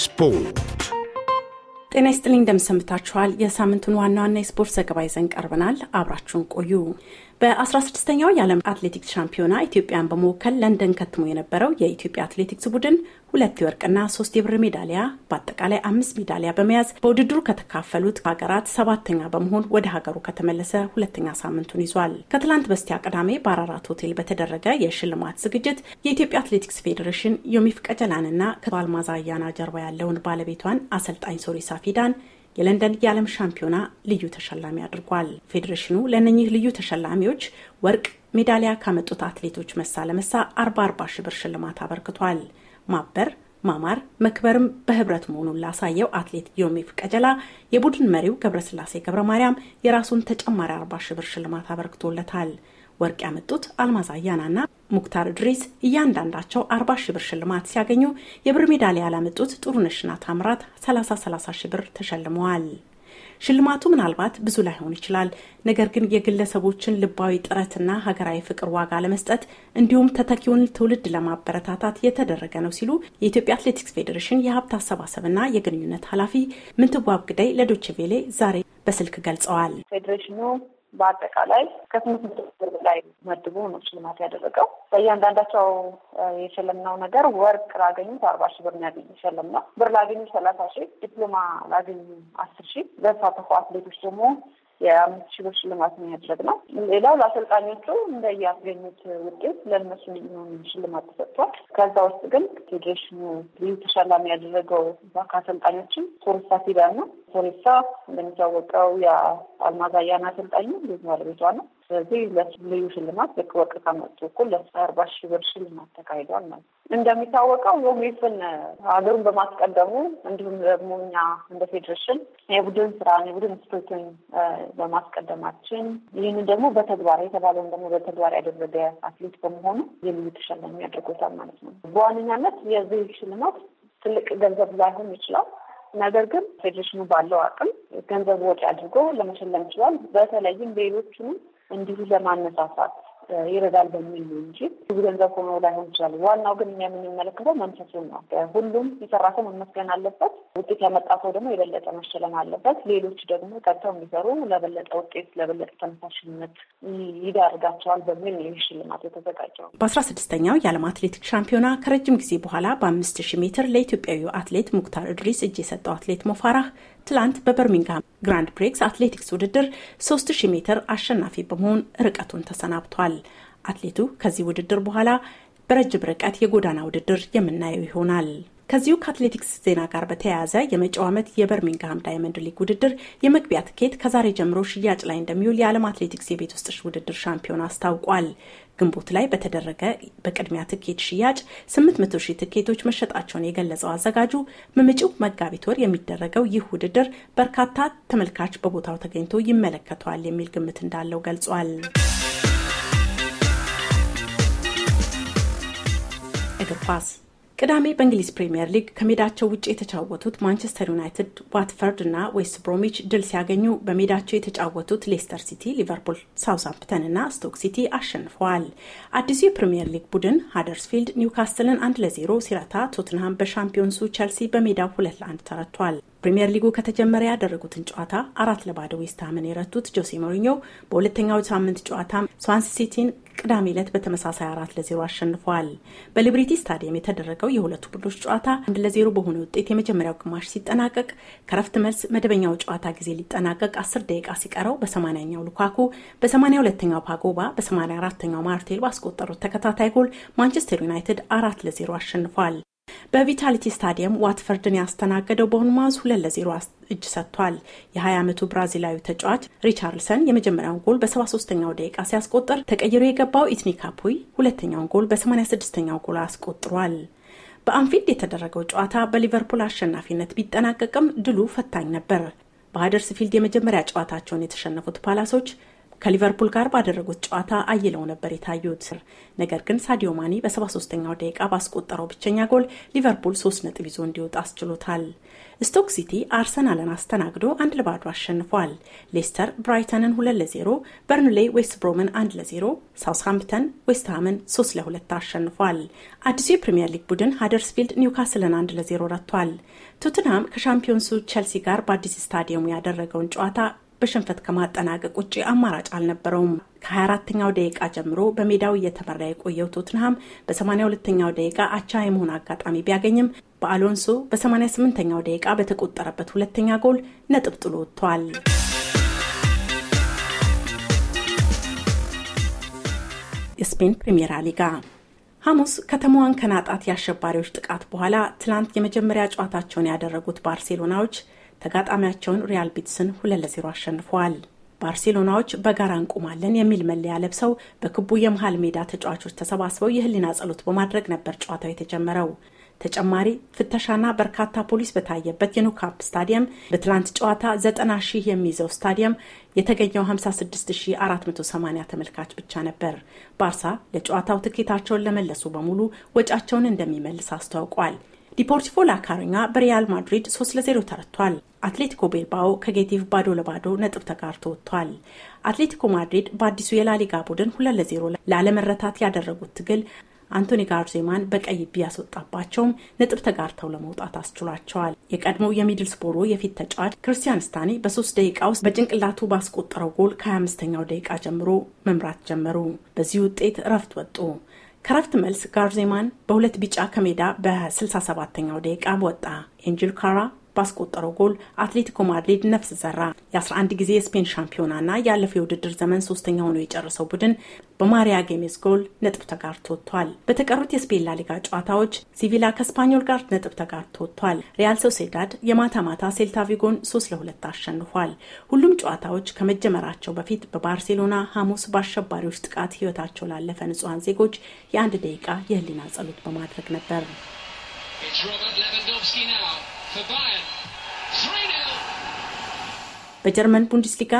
ስፖርት ጤና ይስጥልኝ እንደምሰምታችኋል። የሳምንቱን ዋና ዋና የስፖርት ዘገባ ይዘን ቀርበናል። አብራችሁን ቆዩ። በ16ኛው የዓለም አትሌቲክስ ሻምፒዮና ኢትዮጵያን በመወከል ለንደን ከትሞ የነበረው የኢትዮጵያ አትሌቲክስ ቡድን ሁለት የወርቅና ሶስት የብር ሜዳሊያ በአጠቃላይ አምስት ሜዳሊያ በመያዝ በውድድሩ ከተካፈሉት ሀገራት ሰባተኛ በመሆን ወደ ሀገሩ ከተመለሰ ሁለተኛ ሳምንቱን ይዟል። ከትላንት በስቲያ ቅዳሜ በአራራት ሆቴል በተደረገ የሽልማት ዝግጅት የኢትዮጵያ አትሌቲክስ ፌዴሬሽን ዮሚፍ ቀጀላንና ከአልማዝ አያና ጀርባ ያለውን ባለቤቷን አሰልጣኝ ሶሪሳ ፊዳን የለንደን የዓለም ሻምፒዮና ልዩ ተሸላሚ አድርጓል። ፌዴሬሽኑ ለእነኚህ ልዩ ተሸላሚዎች ወርቅ ሜዳሊያ ካመጡት አትሌቶች መሳ ለመሳ 40 40 ሺህ ብር ሽልማት አበርክቷል። ማበር ማማር መክበርም በህብረት መሆኑን ላሳየው አትሌት ዮሜፍ ቀጀላ የቡድን መሪው ገብረስላሴ ገብረ ማርያም የራሱን ተጨማሪ 40 ሺህ ብር ሽልማት አበርክቶለታል። ወርቅ ያመጡት አልማዝ አያናና ሙክታር ድሪስ እያንዳንዳቸው አርባ ሺ ብር ሽልማት ሲያገኙ የብር ሜዳሊያ ያላመጡት ጥሩነሽና ታምራት ሰላሳ ሺ ብር ተሸልመዋል። ሽልማቱ ምናልባት ብዙ ላይሆን ይችላል። ነገር ግን የግለሰቦችን ልባዊ ጥረትና ሀገራዊ ፍቅር ዋጋ ለመስጠት እንዲሁም ተተኪውን ትውልድ ለማበረታታት የተደረገ ነው ሲሉ የኢትዮጵያ አትሌቲክስ ፌዴሬሽን የሀብት አሰባሰብና የግንኙነት ኃላፊ ምንትዋብ ግዳይ ለዶችቬሌ ዛሬ በስልክ ገልጸዋል። ፌዴሬሽኑ በአጠቃላይ ከስምንት መቶ በላይ መድቦ ነው ሽልማት ያደረገው። በእያንዳንዳቸው የሸለምነው ነገር ወርቅ ላገኙት አርባ ሺህ ብር ሸለም ነው። ብር ላገኙ ሰላሳ ሺህ ዲፕሎማ ላገኙ አስር ሺህ ለተሳተፉ አትሌቶች ደግሞ የአምስት ሺህ ብር ሽልማት ነው ያደረግነው። ሌላው ለአሰልጣኞቹ እንደያገኙት ውጤት ለእነሱ ሽልማት ተሰጥቷል። ከዛ ውስጥ ግን ፌዴሬሽኑ ልዩ ተሸላሚ ያደረገው ከአሰልጣኞችም ቶሬሳ ሲዳ ነው። ቶሬሳ እንደሚታወቀው የአልማዝ አያና አሰልጣኝ ቤት ባለቤቷ ነው። ስለዚህ ልዩ ሽልማት ልክ ወርቅ ከመጡ እኩል ለስራ አርባ ሺህ ብር ሽልማት ተካሂዷል ማለት ነው። እንደሚታወቀው ዮሜፍን ሀገሩን በማስቀደሙ እንዲሁም ደግሞ እኛ እንደ ፌዴሬሽን የቡድን ስራን የቡድን ስፕሪትን በማስቀደማችን ይህንን ደግሞ በተግባር የተባለውን ደግሞ በተግባር ያደረገ አትሌት በመሆኑ የልዩ ተሸላሚ ያደርጎታል ማለት ነው። በዋነኛነት የዚህ ሽልማት ትልቅ ገንዘብ ላይሆን ይችላል። ነገር ግን ፌዴሬሽኑ ባለው አቅም ገንዘብ ወጪ አድርጎ ለመሸለም ይችላል። በተለይም ሌሎቹንም እንዲሁ ለማነሳሳት ይረዳል በሚል ነው እንጂ ብዙ ገንዘብ ሆኖ ላይሆን ይችላል። ዋናው ግን እኛ የምንመለከተው መንፈሱን ነው። ሁሉም የሰራ ሰው መመስገን አለበት። ውጤት ያመጣ ሰው ደግሞ የበለጠ መሸለም አለበት። ሌሎች ደግሞ ቀጥተው እንዲሰሩ ለበለጠ ውጤት፣ ለበለጠ ተነሳሽነት ይዳርጋቸዋል በሚል ነው ይህ ሽልማት የተዘጋጀው። በአስራ ስድስተኛው የዓለም አትሌቲክስ ሻምፒዮና ከረጅም ጊዜ በኋላ በአምስት ሺህ ሜትር ለኢትዮጵያዊ አትሌት ሙክታር እድሪስ እጅ የሰጠው አትሌት ሞፋራህ ትላንት በበርሚንግሃም ግራንድ ፕሪክስ አትሌቲክስ ውድድር 3000 ሜትር አሸናፊ በመሆን ርቀቱን ተሰናብቷል። አትሌቱ ከዚህ ውድድር በኋላ በረጅም ርቀት የጎዳና ውድድር የምናየው ይሆናል። ከዚሁ ከአትሌቲክስ ዜና ጋር በተያያዘ የመጪው ዓመት የበርሚንግሃም ዳይመንድ ሊግ ውድድር የመግቢያ ትኬት ከዛሬ ጀምሮ ሽያጭ ላይ እንደሚውል የዓለም አትሌቲክስ የቤት ውስጥ ውድድር ሻምፒዮን አስታውቋል። ግንቦት ላይ በተደረገ በቅድሚያ ትኬት ሽያጭ 800 ሺህ ትኬቶች መሸጣቸውን የገለጸው አዘጋጁ በመጪው መጋቢት ወር የሚደረገው ይህ ውድድር በርካታ ተመልካች በቦታው ተገኝቶ ይመለከተዋል የሚል ግምት እንዳለው ገልጿል። እግር ኳስ ቅዳሜ በእንግሊዝ ፕሪምየር ሊግ ከሜዳቸው ውጭ የተጫወቱት ማንቸስተር ዩናይትድ፣ ዋትፈርድ እና ዌስት ብሮሚች ድል ሲያገኙ በሜዳቸው የተጫወቱት ሌስተር ሲቲ፣ ሊቨርፑል፣ ሳውዝሃምፕተን እና ስቶክ ሲቲ አሸንፈዋል። አዲሱ የፕሪምየር ሊግ ቡድን ሃደርስፊልድ ኒውካስትልን አንድ ለዜሮ ሲረታ፣ ቶትንሃም በሻምፒዮንሱ ቸልሲ በሜዳው ሁለት ለአንድ ተረቷል። ፕሪምየር ሊጉ ከተጀመረ ያደረጉትን ጨዋታ አራት ለባዶ ዌስትሃምን የረቱት ጆሴ ሞሪኞ በሁለተኛው ሳምንት ጨዋታ ስዋንስ ሲቲን ቅዳሜ ዕለት በተመሳሳይ አራት ለዜሮ አሸንፏል። በሊብሪቲ ስታዲየም የተደረገው የሁለቱ ቡድኖች ጨዋታ አንድ ለዜሮ በሆነ ውጤት የመጀመሪያው ግማሽ ሲጠናቀቅ ከረፍት መልስ መደበኛው ጨዋታ ጊዜ ሊጠናቀቅ አስር ደቂቃ ሲቀረው በሰማንያኛው ሉካኩ፣ በሰማንያ ሁለተኛው ፓጎባ፣ በሰማንያ አራተኛው ማርቴል ባስቆጠሩት ተከታታይ ጎል ማንቸስተር ዩናይትድ አራት ለዜሮ አሸንፏል። በቪታሊቲ ስታዲየም ዋትፈርድን ያስተናገደው ቦርንማውዝ ሁለት ለዜሮ እጅ ሰጥቷል። የ20 ዓመቱ ብራዚላዊ ተጫዋች ሪቻርልሰን የመጀመሪያውን ጎል በ73ኛው ደቂቃ ሲያስቆጥር ተቀይሮ የገባው ኢትኒ ካፑይ ሁለተኛውን ጎል በ86ኛው ጎል አስቆጥሯል። በአንፊልድ የተደረገው ጨዋታ በሊቨርፑል አሸናፊነት ቢጠናቀቅም ድሉ ፈታኝ ነበር። ፊልድ የመጀመሪያ ጨዋታቸውን የተሸነፉት ፓላሶች ከሊቨርፑል ጋር ባደረጉት ጨዋታ አይለው ነበር የታዩት። ነገር ግን ሳዲዮ ማኒ በ73ኛው ደቂቃ ባስቆጠረው ብቸኛ ጎል ሊቨርፑል ሶስት ነጥብ ይዞ እንዲወጣ አስችሎታል። ስቶክ ሲቲ አርሰናልን አስተናግዶ አንድ ለባዶ አሸንፏል። ሌስተር ብራይተንን ሁለት ለዜሮ፣ በርንሌ ዌስት ብሮምን አንድ ለዜሮ፣ ሳውስሃምፕተን ዌስትሃምን ሶስት ለሁለት አሸንፏል። አዲሱ የፕሪምየር ሊግ ቡድን ሃደርስፊልድ ኒውካስልን አንድ ለዜሮ ረቷል። ቶትንሃም ከሻምፒዮንሱ ቸልሲ ጋር በአዲስ ስታዲየሙ ያደረገውን ጨዋታ በሽንፈት ከማጠናቀቅ ውጭ አማራጭ አልነበረውም። ከ24ኛው ደቂቃ ጀምሮ በሜዳው እየተመራ የቆየው ቶትንሃም በ82ኛው ደቂቃ አቻ የመሆን አጋጣሚ ቢያገኝም በአሎንሶ በ88ኛው ደቂቃ በተቆጠረበት ሁለተኛ ጎል ነጥብ ጥሎ ወጥቷል። የስፔን ፕሪሜራ ሊጋ ሐሙስ ከተማዋን ከናጣት የአሸባሪዎች ጥቃት በኋላ ትላንት የመጀመሪያ ጨዋታቸውን ያደረጉት ባርሴሎናዎች ተጋጣሚያቸውን ሪያል ቢትስን ሁለት ለዜሮ አሸንፈዋል። ባርሴሎናዎች በጋራ እንቆማለን የሚል መለያ ለብሰው በክቡ የመሃል ሜዳ ተጫዋቾች ተሰባስበው የህሊና ጸሎት በማድረግ ነበር ጨዋታው የተጀመረው። ተጨማሪ ፍተሻና በርካታ ፖሊስ በታየበት የኑካፕ ስታዲየም በትላንት ጨዋታ 90 ሺህ የሚይዘው ስታዲየም የተገኘው 56480 ተመልካች ብቻ ነበር። ባርሳ ለጨዋታው ትኬታቸውን ለመለሱ በሙሉ ወጫቸውን እንደሚመልስ አስታውቋል። ዲፖርቲቮ ላካሪኛ በሪያል ማድሪድ 3 ለ0 ተረቷል። አትሌቲኮ ቤልባኦ ከጌቲቭ ባዶ ለባዶ ነጥብ ተጋርቶ ወጥቷል። አትሌቲኮ ማድሪድ በአዲሱ የላሊጋ ቡድን 2 ለ0 ላለመረታት ያደረጉት ትግል አንቶኒ ጋርዜማን በቀይ ቢያስወጣባቸውም ነጥብ ተጋርተው ለመውጣት አስችሏቸዋል። የቀድሞው የሚድልስቦሮ የፊት ተጫዋች ክርስቲያን ስታኒ በሶስት ደቂቃ ውስጥ በጭንቅላቱ ባስቆጠረው ጎል ከ25ኛው ደቂቃ ጀምሮ መምራት ጀመሩ። በዚህ ውጤት እረፍት ወጡ። ከረፍት መልስ ጋርዜማን በሁለት ቢጫ ከሜዳ በ67ኛው ደቂቃ ወጣ። ኤንጅል ካራ ባስቆጠረው ጎል አትሌቲኮ ማድሪድ ነፍስ ዘራ። የ11 ጊዜ የስፔን ሻምፒዮናና ያለፈው የውድድር ዘመን ሶስተኛ ሆኖ የጨረሰው ቡድን በማሪያ ጌሜዝ ጎል ነጥብ ተጋርቶ ወጥቷል። በተቀሩት የስፔን ላሊጋ ጨዋታዎች ሲቪላ ከስፓኞል ጋር ነጥብ ተጋርቶ ወጥቷል። ሪያል ሶሴዳድ የማታ ማታ ሴልታ ቪጎን ሶስት ለሁለት አሸንፏል። ሁሉም ጨዋታዎች ከመጀመራቸው በፊት በባርሴሎና ሐሙስ በአሸባሪዎች ጥቃት ህይወታቸው ላለፈ ንጹሐን ዜጎች የአንድ ደቂቃ የህሊና ጸሎት በማድረግ ነበር። በጀርመን ቡንደስሊጋ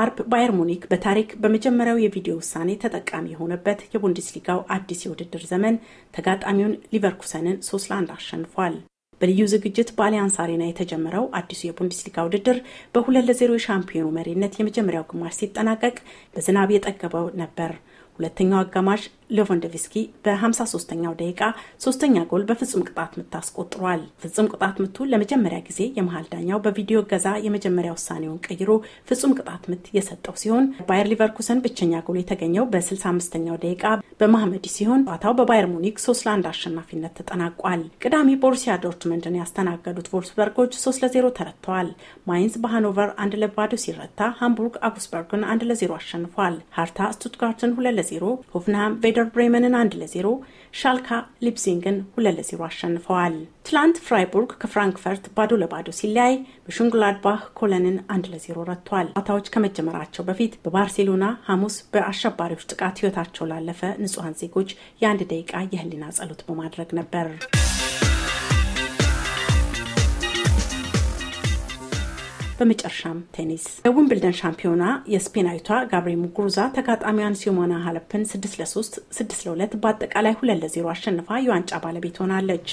አርብ ባየር ሙኒክ በታሪክ በመጀመሪያው የቪዲዮ ውሳኔ ተጠቃሚ የሆነበት የቡንደስሊጋው አዲስ የውድድር ዘመን ተጋጣሚውን ሊቨርኩሰንን 3 ለአንድ አሸንፏል። በልዩ ዝግጅት በአሊያንስ አሬና የተጀመረው አዲሱ የቡንደስሊጋ ውድድር በሁለት ለዜሮ የሻምፒዮኑ መሪነት የመጀመሪያው ግማሽ ሲጠናቀቅ በዝናብ የጠገበው ነበር። ሁለተኛው አጋማሽ ሌቫንዶቭስኪ በ53ኛው ደቂቃ ሶስተኛ ጎል በፍጹም ቅጣት ምት አስቆጥሯል። ፍጹም ቅጣት ምቱ ለመጀመሪያ ጊዜ የመሀል ዳኛው በቪዲዮ ገዛ የመጀመሪያ ውሳኔውን ቀይሮ ፍጹም ቅጣት ምት የሰጠው ሲሆን ባየር ሊቨርኩሰን ብቸኛ ጎል የተገኘው በ65ኛው ደቂቃ በማህመድ ሲሆን ጨዋታው በባየር ሙኒክ 3 ለ1 አሸናፊነት ተጠናቋል። ቅዳሜ ቦሩሲያ ዶርትመንድን ያስተናገዱት ቮልስበርጎች 3 ለ0 ተረትተዋል። ማይንስ በሃኖቨር 1 ለባዶ ሲረታ፣ ሃምቡርግ አጉስበርግን 1 ለ0 አሸንፏል። ሀርታ ስቱትጋርትን 2 ለ0 ሆፍንሃም ቬርደር ብሬመንን አንድ ለዜሮ ሻልካ ሊፕሲንግን ሁለት ለዜሮ አሸንፈዋል። ትላንት ፍራይቡርግ ከፍራንክፈርት ባዶ ለባዶ ሲለያይ በሽንግላድባህ ኮለንን አንድ ለዜሮ ረጥቷል አታዎች ከመጀመራቸው በፊት በባርሴሎና ሐሙስ በአሸባሪዎች ጥቃት ሕይወታቸው ላለፈ ንጹሐን ዜጎች የአንድ ደቂቃ የህሊና ጸሎት በማድረግ ነበር። በመጨረሻም ቴኒስ የዊምብልደን ሻምፒዮና የስፔናዊቷ ጋብሪ ሙጉሩዛ ተጋጣሚዋን ሲሞና ሀለፕን 6 ለ3 6 ለ2 በአጠቃላይ 2 ለ0 አሸንፋ የዋንጫ ባለቤት ሆናለች።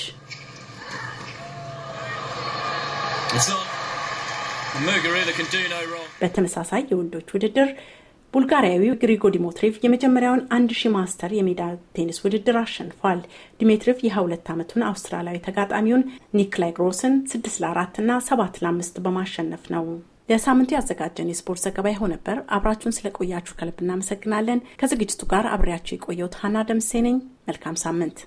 በተመሳሳይ የወንዶች ውድድር ቡልጋሪያዊው ግሪጎ ዲሞትሪቭ የመጀመሪያውን አንድ ሺህ ማስተር የሜዳ ቴኒስ ውድድር አሸንፏል። ዲሜትሪቭ የ22 ዓመቱን አውስትራሊያዊ ተጋጣሚውን ኒክላይ ግሮስን 6 ለ4 እና 7 ለ5 በማሸነፍ ነው። ለሳምንቱ ያዘጋጀን የስፖርት ዘገባ ይኸው ነበር። አብራችሁን ስለቆያችሁ ከልብ እናመሰግናለን። ከዝግጅቱ ጋር አብሬያችሁ የቆየሁት ሀና ደምሴ ነኝ። መልካም ሳምንት።